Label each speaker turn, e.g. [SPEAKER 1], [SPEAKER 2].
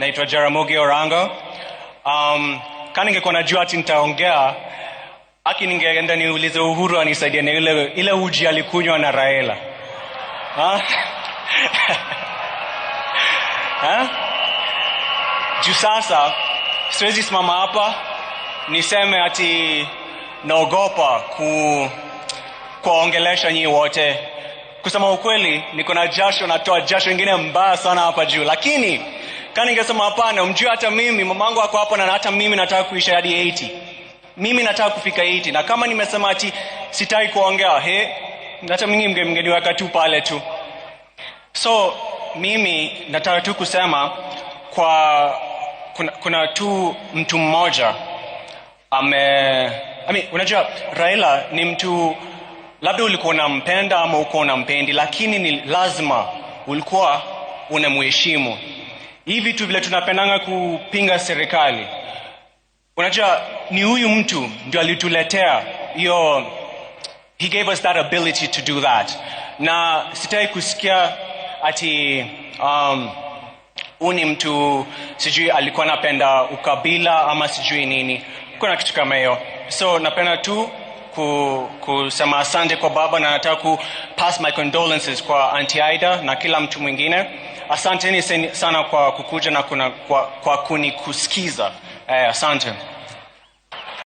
[SPEAKER 1] Naitwa Jaramogi Orango. Um, ka ningekuwa najua ati nitaongea aki, ningeenda niulize Uhuru anisaidia na ile ile uji alikunywa na Raila ha? ha? Juu sasa siwezi simama hapa niseme ati naogopa ku kuwaongelesha nyii wote. Kusema ukweli, niko na jasho, natoa jasho ingine mbaya sana hapa juu, lakini Kana ningesema hapana, mjue hata mimi mamangu ako hapo na hata mimi nataka kuisha hadi 80. Mimi nataka kufika 80 na kama nimesema ati sitaki kuongea, he, hata mimi mge mgeniweka tu pale tu. So mimi nataka tu kusema kwa kuna, kuna tu mtu mmoja ame I mean, unajua Raila ni mtu labda ulikuwa unampenda ama uko unampendi, lakini ni lazima ulikuwa unamheshimu hii vitu vile tunapendanga kupinga serikali, unajua ni huyu mtu ndio alituletea hiyo, he gave us that ability to do that, na sitai kusikia ati um, huu ni mtu sijui alikuwa anapenda ukabila ama sijui nini, kuna kitu kama hiyo. So napenda tu kusema asante kwa baba, na nataka ku pass my condolences kwa Auntie Aida na kila mtu mwingine. Asanteni sana kwa kukuja na kuna, kwa, kwa kunikusikiza eh, asante.